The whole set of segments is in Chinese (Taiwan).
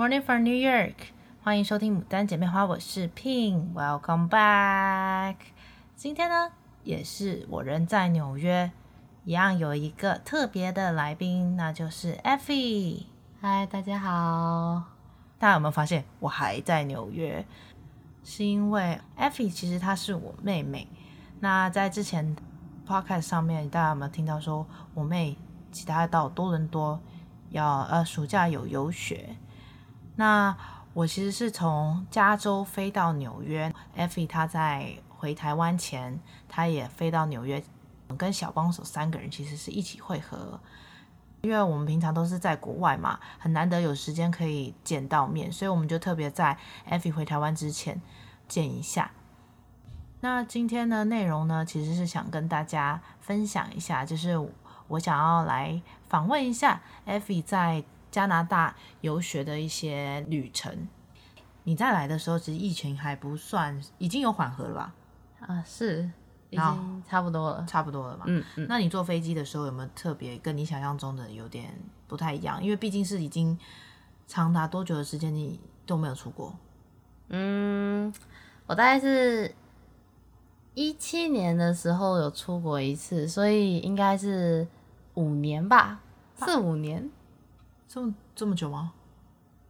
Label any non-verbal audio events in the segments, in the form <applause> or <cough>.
Morning from New York，歡迎收聽《母單姊妹花》，我是 Pin，Welcome back。今天呢，也是我人在紐約，一樣有一個特別的來賓，那就是 Effie。Hi，大家好。大家有沒有發現我還在紐約？是因為 Effie 其實她是我妹妹。那在之前 Podcast 上面，大家有沒有聽到說我妹其他到多倫多要呃暑假有遊學？那我其實是從加州飛到紐約，Effie 她在回台灣前，她也飛到紐約，跟小幫手三個人其實是一起會合，因為我們平常都是在國外嘛，很難得有時間可以見到面，所以我們就特別在 Effie 回台灣之前見一下。那今天的內容呢，其實是想跟大家分享一下，就是我想要來訪問一下 Effie 在加拿大遊學的一些旅程，你再來的時候，其實疫情還不算已經有緩和了吧？啊，是，已經差不多了，差不多了嘛。嗯，嗯。那你坐飛機的時候有沒有特別跟你想象中的有點不太一樣？因為畢竟是已經長達多久的時間你都沒有出過？嗯，我大概是一七年的時候有出國一次，所以應該是五年吧，四五年。這麼這麼久嗎？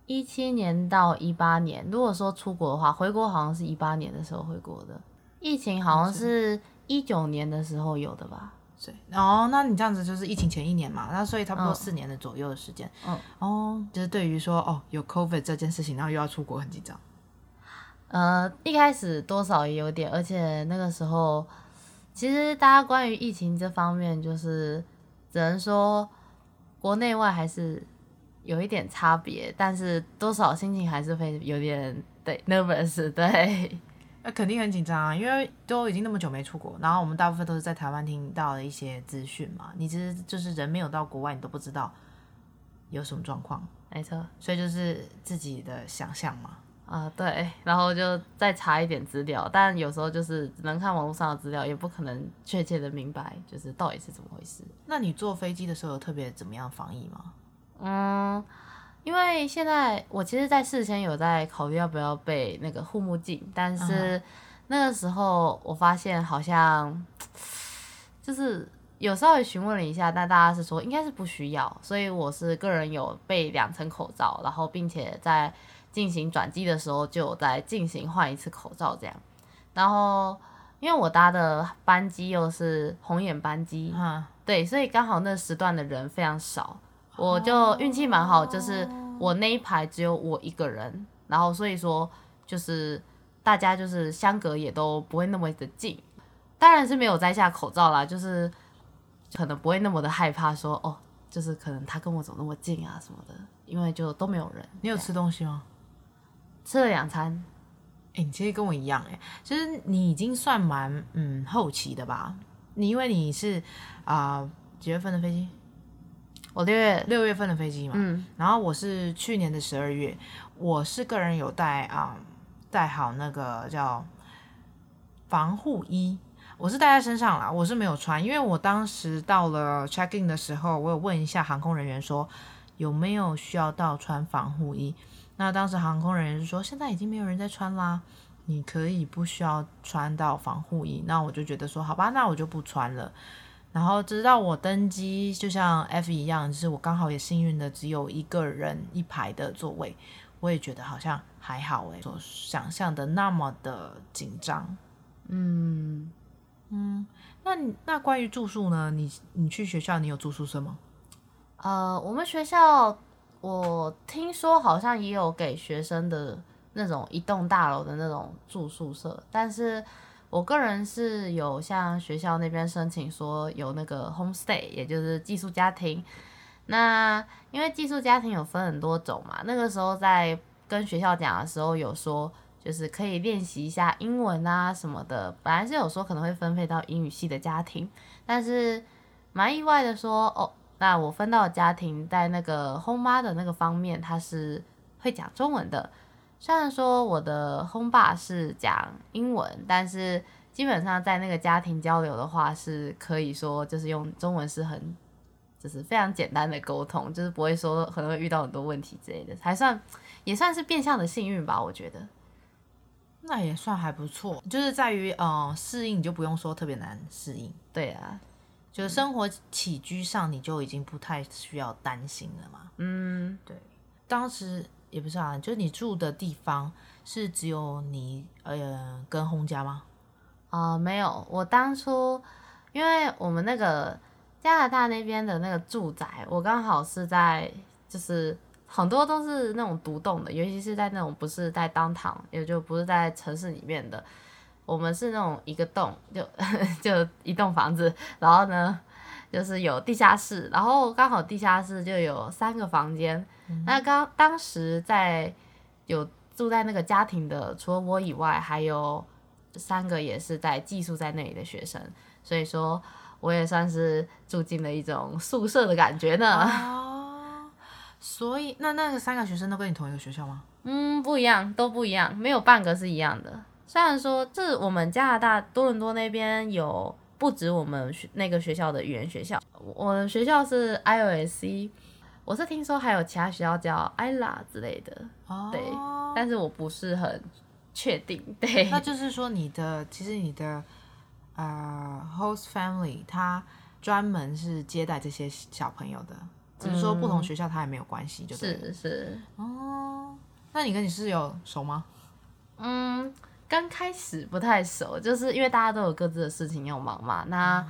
一七年到一八年，如果說出國的話，回國好像是一八年的時候回國的，疫情好像是一九年的時候有的吧？對、嗯，哦，那你這樣子就是疫情前一年嘛。那所以差不多四年的左右的時間。嗯，嗯，哦，就是對於說哦有 COVID 這件事情，然後又要出國很緊張。呃、嗯，一開始多少也有點，而且那個時候，其實大家關於疫情這方面，就是只能說國內外還是。有一點差別，但是多少心情還是會有點對 nervous 對，那肯定很緊張啊，因為都已經那麼久沒出國，然後我們大部分都是在台灣聽到的一些資訊嘛，你其實就是人沒有到國外，你都不知道有什麼狀況，沒錯，所以就是自己的想象嘛，啊、呃、對，然後就再查一點資料，但有時候就是只能看網絡上的資料，也不可能確切的明白就是到底是怎麼回事。那你坐飛機的時候有特別怎麼樣防疫嗎？嗯，因為現在我其實在事先有在考慮要不要備那個護目鏡，但是那個時候我發現好像就是有稍微詢問了一下，但大家是說應該是不需要，所以我是個人有備兩層口罩，然後並且在進行轉機的時候就有再進行換一次口罩這樣，然後因為我搭的班機又是紅眼班機、嗯，對，所以剛好那時段的人非常少。我就運氣蠻好，oh. 就是我那一排只有我一個人，然後所以說就是大家就是相隔也都不會那麼的近，當然是沒有摘下口罩啦，就是就可能不會那麼的害怕說哦，就是可能他跟我走那麼近啊什麼的，因為就都沒有人。你有吃東西嗎？吃了兩餐。哎、欸，你其實跟我一樣哎、欸，其實你已經算蠻嗯後期的吧？你因為你是啊、呃、幾月份的飛機？我六月六月份的飛機嘛、嗯，然後我是去年的十二月，我是個人有帶啊，帶、嗯、好那個叫防護衣，我是帶在身上啦，我是沒有穿，因為我當時到了 check in 的時候，我有問一下航空人員說有沒有需要到穿防護衣，那當時航空人員就說，現在已經沒有人在穿啦，你可以不需要穿到防護衣，那我就覺得說好吧，那我就不穿了。然後直到我登機，就像 F 一樣，就是我剛好也幸運的只有一個人一排的座位，我也覺得好像還好誒。所想象的那麼的緊張。嗯嗯，那你那關於住宿呢？你你去學校你有住宿舍嗎？呃，我們學校我聽說好像也有給學生的那種一棟大樓的那種住宿舍，但是。我個人是有向學校那邊申請說有那個 homestay，也就是寄宿家庭。那因為寄宿家庭有分很多種嘛，那個時候在跟學校講的時候有說，就是可以練習一下英文啊什麼的。本來是有說可能會分配到英語系的家庭，但是蠻意外的說，哦，那我分到的家庭在那個 home 媽的那個方面，她是會講中文的。雖然說我的 home 爸是講英文，但是基本上在那個家庭交流的話，是可以說就是用中文是很，就是非常簡單的溝通，就是不會說可能會遇到很多問題之類的，還算也算是變相的幸運吧，我覺得。那也算還不錯，就是在於嗯、呃、適應，你就不用說特別難適應，對啊，就是生活起居上你就已經不太需要擔心了嘛。嗯，對，當時。也不是啊？就你住的地方是只有你呃、哎、跟洪家嗎？啊、呃，沒有，我當初因為我們那個加拿大那邊的那個住宅，我剛好是在就是很多都是那種獨棟的，尤其是在那種不是在 downtown 也就不是在城市裡面的，我們是那種一個棟就呵呵就一棟房子，然後呢就是有地下室，然後剛好地下室就有三個房間。那剛當時在有住在那個家庭的，除了我以外，還有三個也是在寄宿在那裡的學生，所以說我也算是住進了一種宿舍的感覺呢。哦，所以那那個三個學生都跟你同一個學校嗎？嗯，不一樣，都不一樣，沒有半個是一樣的。雖然說是我們加拿大多倫多那邊有不止我們學那個學校的語言學校，我的學校是 I O S C。我是聽說還有其他學校叫艾拉之類的，oh, 對，但是我不是很確定。對，那就是說你的，其實你的呃 host family 他專門是接待這些小朋友的，只、嗯就是說不同學校他也沒有關係，就是是哦。Oh, 那你跟你室友熟嗎？嗯，剛開始不太熟，就是因為大家都有各自的事情要忙嘛。那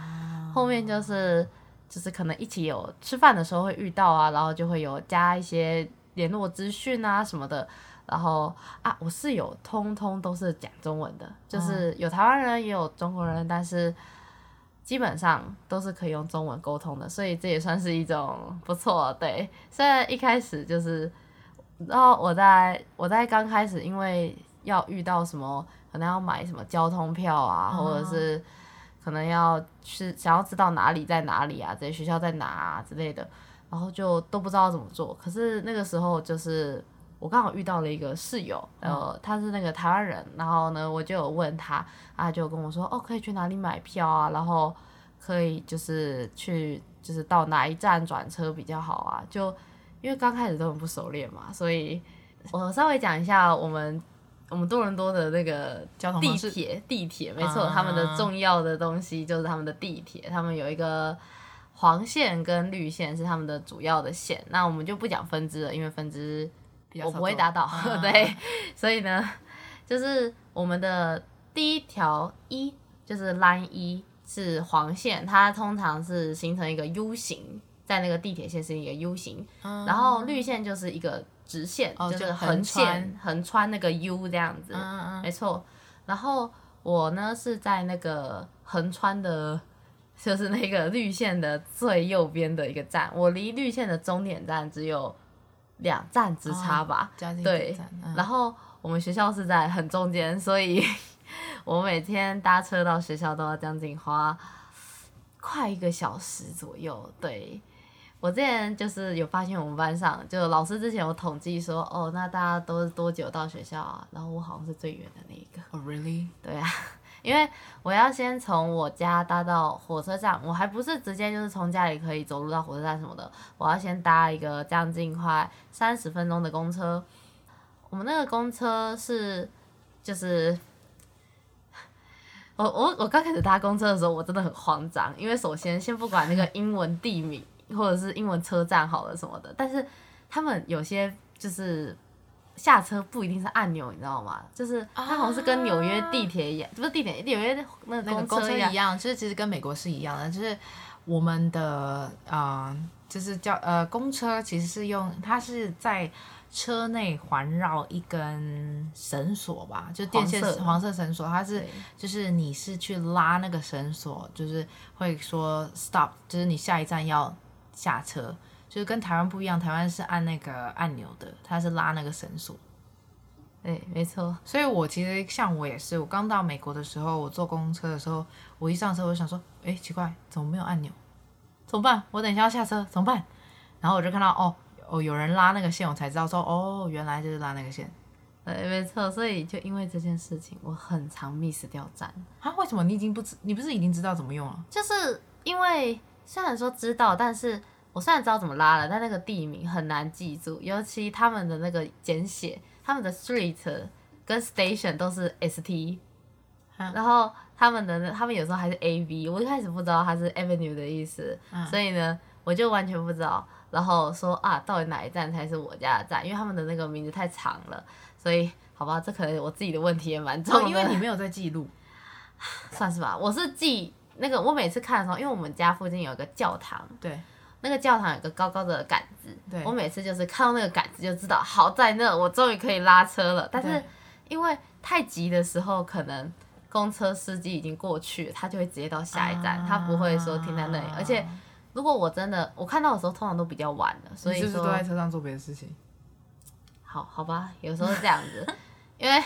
後面就是。就是可能一起有吃飯的時候會遇到啊，然後就會有加一些聯絡資訊啊什麼的。然後啊，我室友通通都是講中文的，就是有台灣人也有中國人、嗯，但是基本上都是可以用中文溝通的，所以這也算是一種不錯、啊。對，雖然一開始就是，然後我在我在剛開始因為要遇到什麼，可能要買什麼交通票啊，嗯、或者是。可能要去想要知道哪裡在哪裡啊，在學校在哪啊之類的，然後就都不知道怎麼做。可是那個時候就是我剛好遇到了一個室友，呃，他是那個台灣人，然後呢，我就有問他，他就跟我說，哦，可以去哪裡買票啊，然後可以就是去就是到哪一站轉車比較好啊。就因為剛開始都很不熟練嘛，所以我稍微講一下我們。我們多倫多的那個交通地鐵，地鐵，沒錯，uh -huh. 他們的重要的東西就是他們的地鐵，他們有一個黃線跟綠線是他們的主要的線，那我們就不講分支了，因為分支我不會打倒，uh -huh. 對，所以呢，就是我們的第一條一就是 Line 一是黃線，它通常是形成一個 U 型，在那個地鐵線是一個 U 型，uh -huh. 然後綠線就是一個。直線、哦、就是橫穿橫穿那個 U 這樣子，嗯嗯沒錯。然後我呢是在那個橫穿的，就是那個綠線的最右邊的一個站，我離綠線的終點站只有兩站之差吧。哦、對、嗯。然後我們學校是在很中間，所以 <laughs> 我每天搭車到學校都要將近花快一個小時左右。對。我之前就是有發現，我們班上就老師之前有統計說，哦，那大家都是多久到學校啊？然後我好像是最遠的那一個。哦，really？對啊，因為我要先從我家搭到火車站，我還不是直接就是從家裡可以走路到火車站什麼的，我要先搭一個將近快三十分鐘的公車。我們那個公車是，就是，我我我剛開始搭公車的時候，我真的很慌張，因為首先先不管那個英文地名。或者是英文車站好了什麼的，但是他們有些就是下車不一定是按鈕，你知道嗎？就是它好像是跟紐約地鐵一樣，啊，不是地鐵，紐約那個，一那個公車一樣，就是其實跟美國是一樣的，就是我們的啊、呃，就是叫呃，公車其實是用它是在車內環繞一根繩索吧，就電線，黃色繩索，它是就是你是去拉那個繩索，就是會說 stop，就是你下一站要。下車就是跟台灣不一樣，台灣是按那個按鈕的，他是拉那個繩索。對，沒錯。所以，我其實像我也是，我剛到美國的時候，我坐公車的時候，我一上車我就想說，哎、欸，奇怪，怎麼沒有按鈕？怎麼辦？我等一下要下車，怎麼辦？然後我就看到，哦，哦，有人拉那個線，我才知道說，哦，原來就是拉那個線。對，沒錯。所以就因為這件事情，我很常 miss 掉站。啊？為什麼你已經不知？你不是已經知道怎麼用了？就是因為。雖然說知道，但是我雖然知道怎麼拉了，但那個地名很難記住，尤其他們的那個簡寫，他們的 street 跟 station 都是 st，然後他們的他們有時候還是 av，我一開始不知道它是 avenue 的意思、嗯，所以呢，我就完全不知道，然後說啊，到底哪一站才是我家的站？因為他們的那個名字太長了，所以好吧，這可能我自己的問題也蠻重、哦，因為你沒有在記錄， <laughs> 算是吧，我是記。那個我每次看的時候，因為我們家附近有一個教堂，對，那個教堂有一個高高的桿子，對，我每次就是看到那個桿子就知道，好，在那我終於可以拉車了。但是因為太急的時候，可能公車司機已經過去，他就會直接到下一站、啊，他不會說停在那裡。而且如果我真的我看到的時候，通常都比較晚了，所以說就是都在車上做別的事情。好，好吧，有時候這樣子。 <laughs> 因為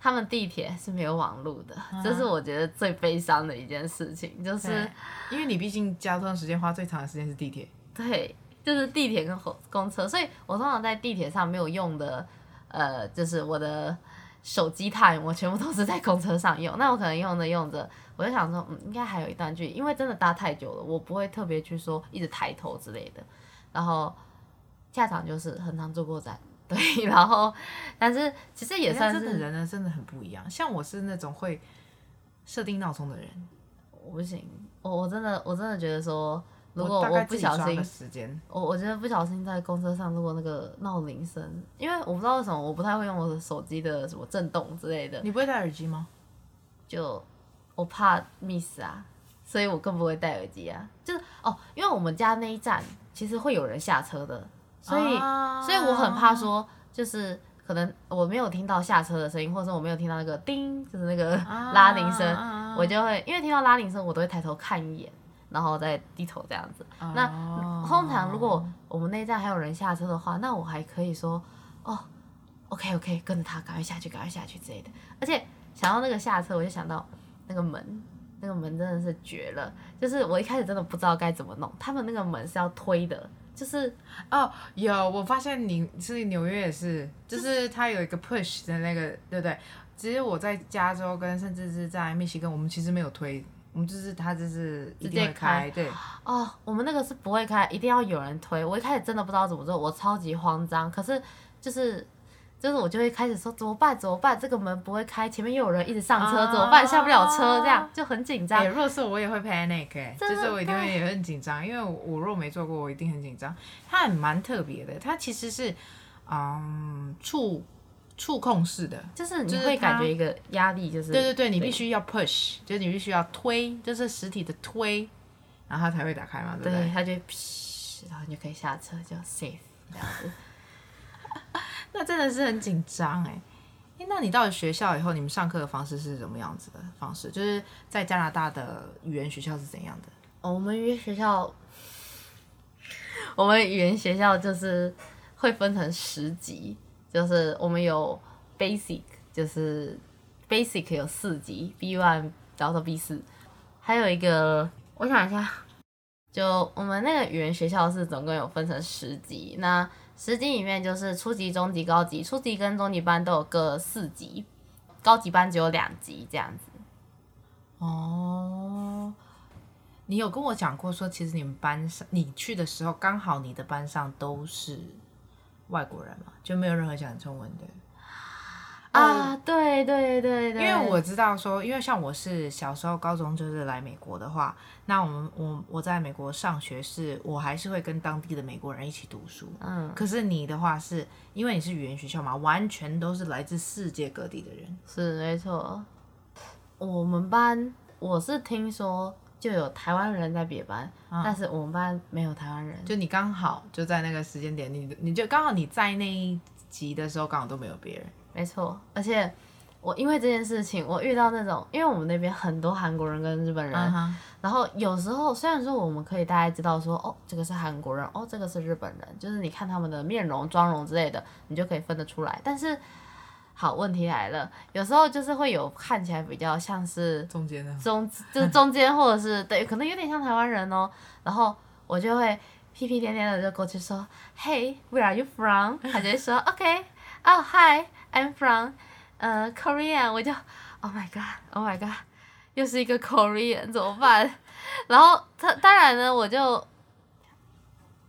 他們地鐵是沒有網路的，嗯，這是我覺得最悲傷的一件事情。就是因為你畢竟交通的時間花最長的時間是地鐵，對，就是地鐵跟公車，所以我通常在地鐵上沒有用的，呃，就是我的手機 time 我全部都是在公車上用。那我可能用着用着，我就想說，嗯，應該還有一段距離，因為真的搭太久了，我不會特別去說一直抬頭之類的。然後下場就是很常坐過站。對，然後，但是其實也算是人、人呢，真的很不一樣。像我是那種會設定鬧鐘的人，我不行，我我真的我真的覺得說，如果我不小心，我我真的不小心在公車上如果那個鬧鈴聲，因為我不知道為什麼，我不太會用我的手機的什麼震動之類的。你不會戴耳機嗎？就我怕 miss 啊，所以我更不會戴耳機啊。就是哦，因為我們家那一站其實會有人下車的。所以，所以我很怕說，就是可能我沒有聽到下車的聲音，或者說我沒有聽到那個叮，就是那個拉鈴聲，啊，我就會因為聽到拉鈴聲，我都會抬頭看一眼，然後再低頭這樣子。那通常如果我們那一站還有人下車的話，那我還可以說，哦，OK OK，跟着他，趕快下去，趕快下去之類的。而且想到那個下車，我就想到那個門，那個門真的是絕了，就是我一開始真的不知道該怎麼弄，他們那個門是要推的。就是哦，oh, 有我發現你是紐約也是，是，就是它有一個 push 的那個，對不對？其實我在加州跟甚至是在密西根，我們其實沒有推，我們就是它就是一定會開，對。哦、oh，我們那個是不會開，一定要有人推。我一開始真的不知道怎麼做，我超級慌張。可是就是。就是我就會開始說怎麼辦怎麼辦這個門不會開前面又有人一直上車、啊、怎麼辦下不了車這樣就很緊張。哎、欸，若是我也會 panic 就是我一定會也很緊張，因為我,我若沒坐過我一定很緊張。它還蠻特別的，它其實是嗯觸觸控式的，就是你會感覺一個壓力、就是，就是對對對,對，你必須要 push 就是你必須要推，就是實體的推，然後它才會打開嘛，對,對,對不對？它就，然後你就可以下車就 safe 這樣子。 <laughs> <laughs> 那真的是很緊張欸！那你到了學校以後，你們上課的方式是什麼樣子的方式？就是在加拿大的語言學校是怎樣的？哦，我們語言學校，我們語言學校就是會分成十級，就是我們有 basic，就是 basic 有四級 B one 到到 B 四，還有一個我想一下，就我們那個語言學校是總共有分成十級，那。十級裡面就是初級、中級、高級。初級跟中級班都有各四級，高級班只有兩級這樣子。哦，你有跟我講過說，其實你們班上你去的時候，剛好你的班上都是外國人嘛，就沒有任何講中文的。啊，對對對對，因為我知道說，因為像我是小時候高中就是來美國的話，那我們我我在美國上學時，我還是會跟當地的美國人一起讀書。嗯，可是你的話是因為你是語言學校嘛，完全都是來自世界各地的人。是沒錯，我們班我是聽說就有台灣人在別班，啊，但是我們班沒有台灣人，就你剛好就在那個時間點，你你就剛好你在那一集的時候剛好都沒有別人。沒錯，而且我因為這件事情，我遇到那種，因為我們那邊很多韓國人跟日本人、嗯，然後有時候雖然說我們可以大概知道說，哦，這個是韓國人，哦，這個是日本人，就是你看他們的面容、妝容之類的，你就可以分得出來。但是，好問題來了，有時候就是會有看起來比較像是中，中間的中，就是中間或者是 <laughs> 對，可能有點像台灣人哦，然後我就會屁屁顛顛的就過去說 <laughs> ，Hey，where are you from？ <laughs> 他就會說，OK，哦、oh，Hi。I'm from，uh, Korea 我就，Oh my God，Oh my God，又是一個 Korean，怎麼辦？ <laughs> 然後他當然呢，我就，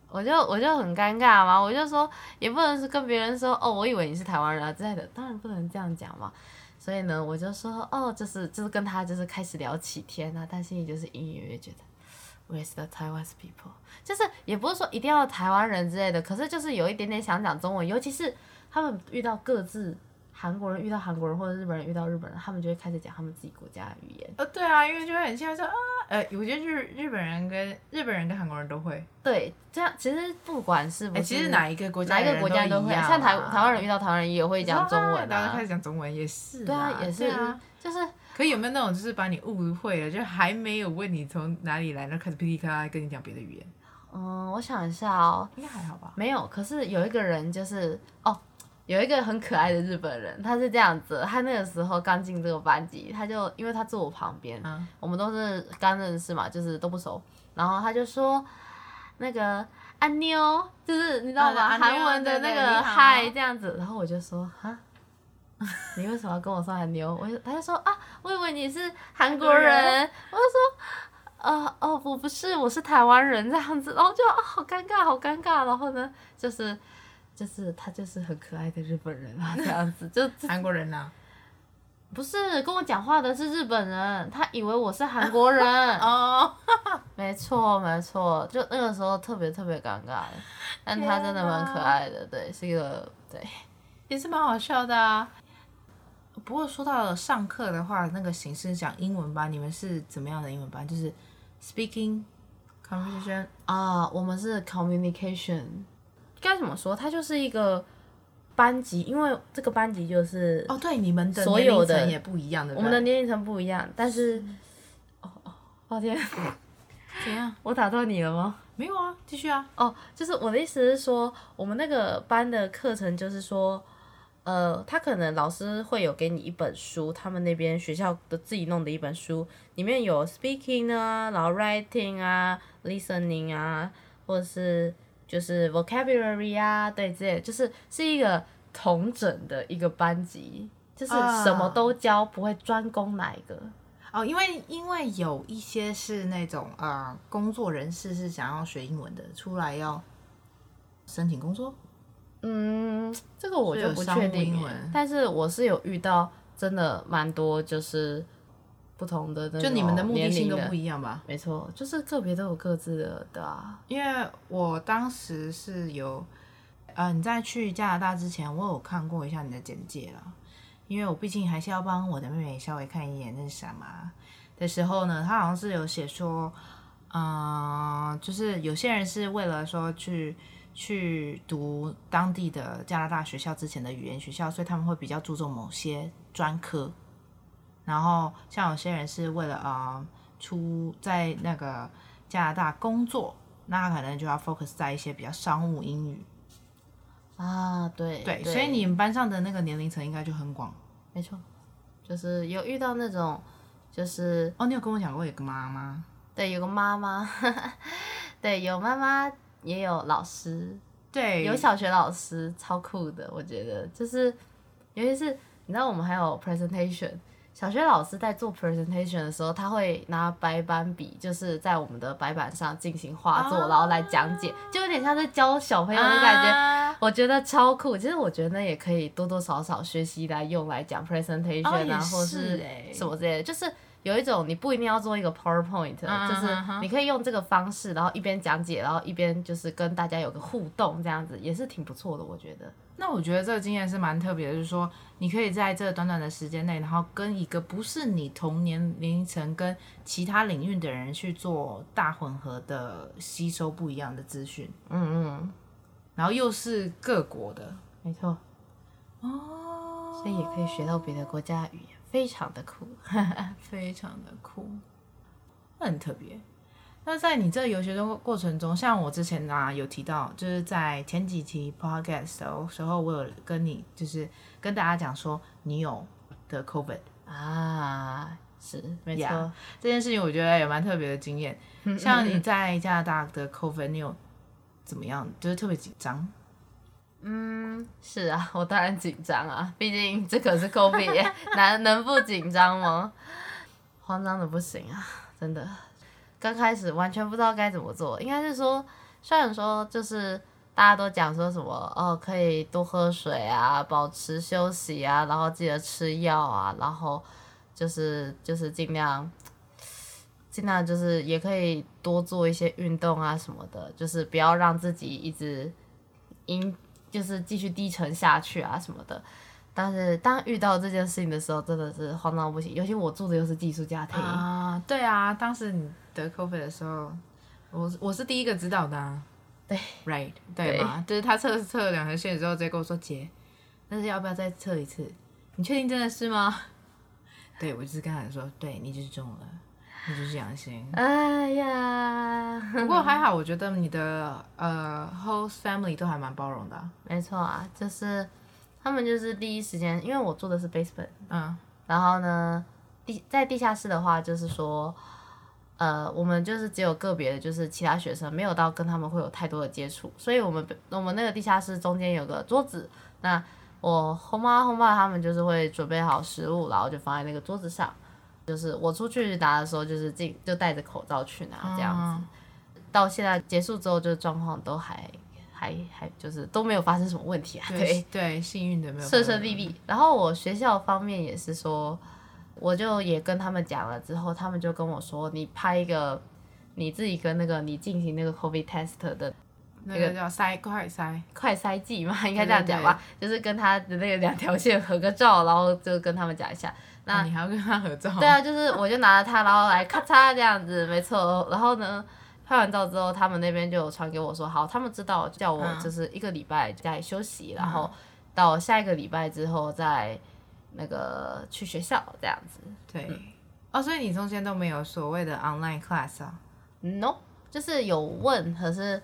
我就我就很尷尬嘛。我就說，也不能是跟別人說，哦，我以為你是台灣人啊之類的。當然不能這樣講嘛。所以呢，我就說，哦，就是就是跟他就是開始聊起天吶、啊。但心裡就是隱隱約約覺得，Where is the Taiwan people，就是也不是說一定要台灣人之類的。可是就是有一點點想講中文，尤其是。他們遇到各自韓國人遇到韓國人或者日本人遇到日本人，他們就會開始講他們自己國家的語言。呃、哦，對啊，因為就會很像說啊，呃，我覺得日日本人跟日本人跟韓國人都會。對，這樣其實不管是，不是，哎、欸，其實哪一個國家，哪一個國家都會、啊，像台台灣人遇到台灣人也會講中文、啊，大、啊、家開始講中文也是、啊啊、也是。對啊，也是啊，就是。可以有沒有那種就是把你誤會了，就還沒有問你從哪裡來，那開始噼里啪啦跟你講別的語言？嗯，我想一下哦，應該還好吧。沒有，可是有一個人就是哦。有一個很可愛的日本人，他是這樣子，他那個時候剛進這個班級，他就因為他坐我旁邊、啊，我們都是剛認識嘛，就是都不熟，然後他就說那個安、啊、妞，就是你知道嗎？韓、啊、文的那個、啊、那對對對嗨這樣子，然後我就說啊，你為什麼要跟我說安、啊、妞？我 <laughs> 就他就說啊，我以為你是韓國，國人，我就說啊、呃，哦，我不是，我是台灣人這樣子，然後就啊好尷尬，好尷尬，然後呢就是。就是他就是很可愛的日本人啊，這樣子就是韓 <laughs> 國人吶、啊，不是跟我講話的是日本人，他以為我是韓國人哦、 <laughs> oh. <laughs> 沒錯沒錯，就那個時候特別特別尷尬，但他真的蠻可愛的、啊，對，是一個對，也是蠻好笑的啊。不過說到上課的話，那個形式講英文班，你們是怎麼樣的英文班？就是 speaking conversation、oh. 啊，我們是 communication。該怎麼說？它就是一個班級，因為這個班級就是哦，對，你們的年齡層也不一樣的，我們的年齡層不一樣，但是，哦哦，抱歉、啊，怎樣？我打斷你了嗎？沒有啊，繼續啊。哦，就是我的意思是說，我們那個班的課程就是說，呃，他可能老師會有給你一本書，他們那邊學校的自己弄的一本書，裡面有 speaking 啊，然後 writing 啊，listening 啊，或者是。就是 vocabulary 啊、對之類的，這些就是是一個統整的一個班級，就是什麼都教，不會專攻哪一個。Uh, 哦，因為因為有一些是那種啊、呃，工作人士是想要學英文的，出來要申請工作。嗯，這個我就不確定。但是我是有遇到真的蠻多，就是。不同的，就你們的目的性都不一樣吧？沒錯，就是個別都有各自的。對啊，因為我當時是有，呃，你在去加拿大之前，我有看過一下你的簡介了，因為我畢竟還是要幫我的妹妹稍微看一眼那什麼的時候呢，她好像是有寫說，呃，就是有些人是為了說去去讀當地的加拿大學校之前的語言學校，所以他們會比較注重某些專科。然後，像有些人是為了啊、呃，出在那個加拿大工作，那他可能就要 focus 在一些比較商務英語啊。對對，對，所以你們班上的那個年齡層應該就很廣。沒錯，就是有遇到那種就是哦，你有跟我講過有個媽媽？對，有個媽媽， <laughs> 對，有媽媽也有老師，對，有小學老師，超酷的，我覺得就是尤其是你知道我們還有 presentation。小學老師在做 presentation 的時候，他會拿白板筆，就是在我們的白板上進行畫作、啊，然後來講解，就有點像是教小朋友的感覺、啊。我覺得超酷。其實我覺得也可以多多少少學習來用來講 presentation 啊、哦，或是、欸、是什麼之類的。就是有一種你不一定要做一個 PowerPoint、啊、就是你可以用這個方式，然後一邊講解，然後一邊就是跟大家有個互動，這樣子也是挺不錯的，我覺得。那我覺得這個經驗是蠻特別的，就是說你可以在這短短的時間內，然後跟一個不是你同年齡層、跟其他領域的人去做大混合的，吸收不一樣的資訊，嗯，嗯嗯，然後又是各國的，沒錯，哦，所以也可以學到別的國家語言，非常的酷，哈哈，非常的酷，很特別。那在你這遊學中過程中，像我之前啊有提到，就是在前幾期 podcast 的時候，我有跟你就是跟大家講說你有得 COVID 啊，是沒錯，yeah. 這件事情我覺得也蠻特別的經驗。嗯嗯。像你在加拿大的 COVID 你有怎麼樣？就是特別緊張？嗯，是啊，我當然緊張啊，畢竟這可是 COVID， <laughs> 難能不緊張嗎？ <laughs> 慌張得不行啊，真的。剛開始完全不知道該怎麼做，應該是說，雖然說就是大家都講說什麼哦，可以多喝水啊，保持休息啊，然後記得吃藥啊，然後就是就是盡量盡量就是也可以多做一些運動啊什麼的，就是不要讓自己一直陰就是繼續低沉下去啊什麼的。但是當遇到這件事情的時候，真的是慌到不行。尤其我住的又是寄宿家庭啊，uh, 對啊。當時你得 COVID 的時候，我是我是第一個知道的、啊。對，right，對嘛？就是他測測了兩條線之後，直接跟我說：“姐，但是要不要再測一次？你確定真的是嗎？” <laughs> 對，我就是跟他說，對你就是中了，你就是陽性。哎呀，不過還好，我覺得你的呃 <laughs> uh, whole family 都還蠻包容的、啊。沒錯啊，就是。他們就是第一時間，因為我住的是 basement，嗯，然後呢，地在地下室的話，就是說，呃，我們就是只有個別的，就是其他學生沒有到跟他們會有太多的接觸，所以我們我們那個地下室中間有個桌子，那我後媽後爸他們就是會準備好食物，然後就放在那個桌子上，就是我出去拿的時候，就是進就戴着口罩去拿這樣子、嗯，到現在結束之後，就狀況都還。還還就是都沒有發生什麼問題啊，對對，對，幸運的沒有，順順利利。然後我學校方面也是說，我就也跟他們講了之後，他們就跟我說，你拍一個你自己跟那個你進行那個 COVID test 的那個、那個、叫篩快篩快篩劑嘛，對對對，應該這樣講吧，就是跟他的那個兩條線合個照， <laughs> 然後就跟他們講一下。那、啊、你還要跟他合照？對啊，就是我就拿了他，然後來咔嚓這樣子， <laughs> 樣子沒錯。然後呢？拍完照之後，他們那邊就傳給我說，好，他們知道，叫我就是一個禮拜再休息、嗯，然後到下一個禮拜之後再那個去學校這樣子。對，嗯、哦，所以你中間都沒有所謂的 online class 啊？No，就是有問，可是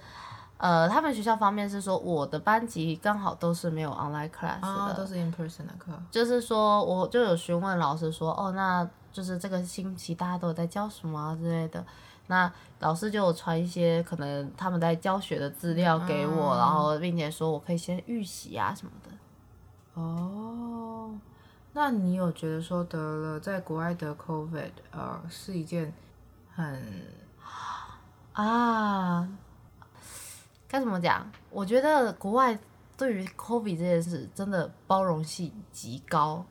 呃，他們學校方面是說我的班級剛好都是沒有 online class 的，哦、都是 in person 的課。就是說，我就有詢問老師說，哦，那就是這個星期大家都有在教什麼、啊、之類的。那老師就傳一些可能他們在教學的資料給我，嗯，然後並且說我可以先預習啊什麼的。哦，那你有覺得說得了在國外得 COVID，呃，是一件很啊，該怎麼講？我覺得國外對於 COVID 這件事真的包容性極高。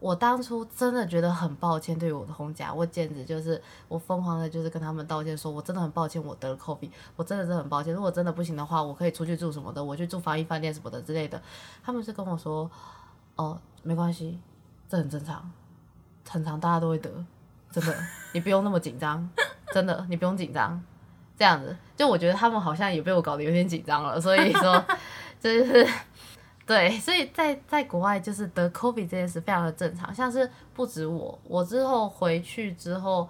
我當初真的覺得很抱歉，對於我的紅甲，我簡直就是我瘋狂的，就是跟他們道歉說，說我真的很抱歉，我得了 COVID，我真的真的很抱歉。如果真的不行的話，我可以出去住什麼的，我去住防疫飯店什麼的之類的。他們是跟我說，哦，沒關係，這很正常，很常大家都會得，真的，你不用那麼緊張，真的，你不用緊張。這樣子，就我覺得他們好像也被我搞得有點緊張了，所以說，真、就是。對，所以在在國外就是得 COVID 這件事非常的正常，像是不止我，我之後回去之後，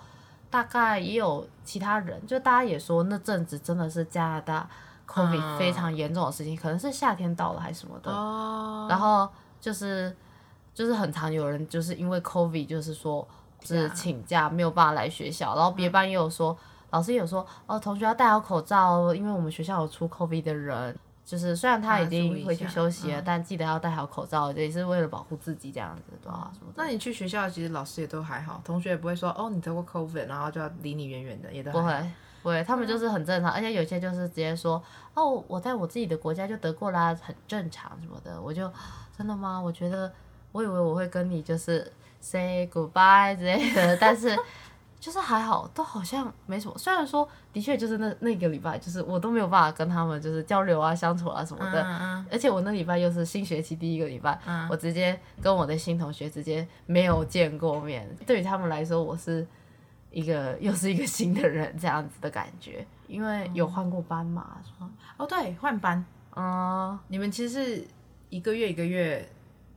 大概也有其他人，就大家也說那陣子真的是加拿大 COVID 非常嚴重的事情，嗯、可能是夏天到了還是什麼的、哦，然後就是就是很常有人就是因為 COVID 就是說是請假、嗯、沒有辦法來學校，然後別班也有說、嗯，老師也有說，哦，同學要戴好口罩，因為我們學校有出 COVID 的人。就是雖然他已經回去休息了，啊、但記得要戴好口罩，也、嗯就是為了保護自己這樣子，的、嗯、話，那你去學校，其實老師也都還好，同學也不會說哦，你得過 COVID，然後就要離你遠遠的，也都不會，不會，他們就是很正常，嗯、而且有些就是直接說哦，我在我自己的國家就得過啦，很正常什麼的。我就真的嗎？我覺得我以為我會跟你就是 say goodbye 之類的， <laughs> 但是。就是還好，都好像沒什麼。雖然說，的確就是那那個禮拜，就是我都沒有辦法跟他們就是交流啊、相處啊什麼的。嗯，而且我那禮拜又是新學期第一個禮拜，嗯，我直接跟我的新同學直接沒有見過面。對於他們來說，我是一個又是一個新的人這樣子的感覺，因為有換過班嘛。嗯，哦，對，換班。嗯，你們其實是一個月一個月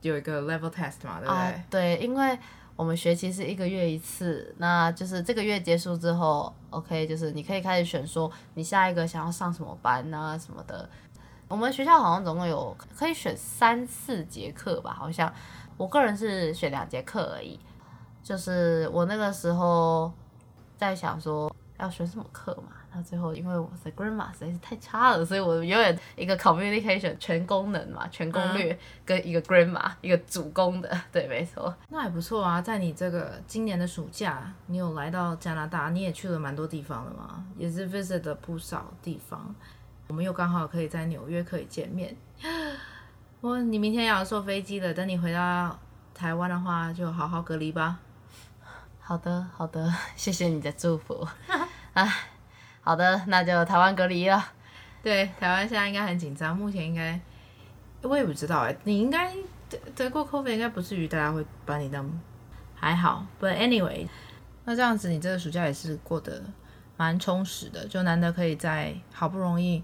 有一個 level test 嘛，對不對？啊，對，因為。我們學期是一個月一次，那就是這個月結束之後，OK，就是你可以開始選說你下一個想要上什麼班啊什麼的。我們學校好像總共有可以選三四節課吧，好像，我個人是選兩節課而已。就是我那個時候在想說要選什麼課嘛。那最後，因為我的 grammar 實在是太差了，所以我永遠一個 communication 全功能嘛，全攻略、嗯、跟一個 grammar 一個主攻的，對，沒錯。那也不錯啊，在你這個今年的暑假，你有來到加拿大，你也去了蠻多地方的嘛，也是 visit 了不少地方。我們又剛好可以在紐約可以見面。 <laughs> 我，你明天要坐飛機了，等你回到台灣的話，就好好隔離吧。好的，好的，謝謝你的祝福。 <laughs> 啊好的，那就台灣隔離了。對，台灣現在應該很緊張，目前應該我也不知道哎、欸，你應該得得過 COVID 應該不至於大家會把你當還好，But anyway，那這樣子你這個暑假也是過得蠻充實的，就難得可以在好不容易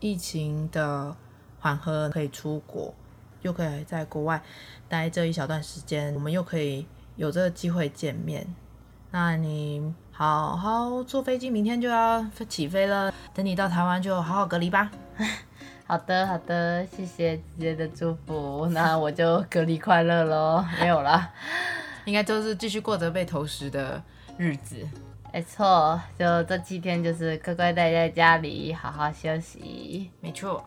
疫情的緩和可以出國，又可以在國外待這一小段時間，我們又可以有這個機會見面，那你。好好坐飛機，明天就要起飛了，等你到台灣就好好隔離吧！好的，好的，謝謝姐姐的祝福。那我就隔離快樂咯。沒有啦， <laughs> 應該就是繼續過着被投食的日子。沒、欸、錯，就這七天就是乖乖待在家裡，好好休息。沒錯。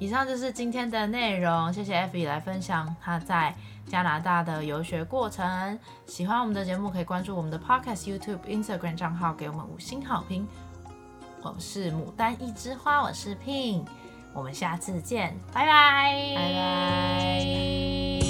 以上就是今天的內容，謝謝 Effie 來分享他在加拿大的遊學過程。喜歡我們的節目，可以關注我們的 Podcast、YouTube、Instagram 賬號，給我們五星好評。我是母單一枝花，我是 Pin，我們下次見，拜拜。拜拜拜拜。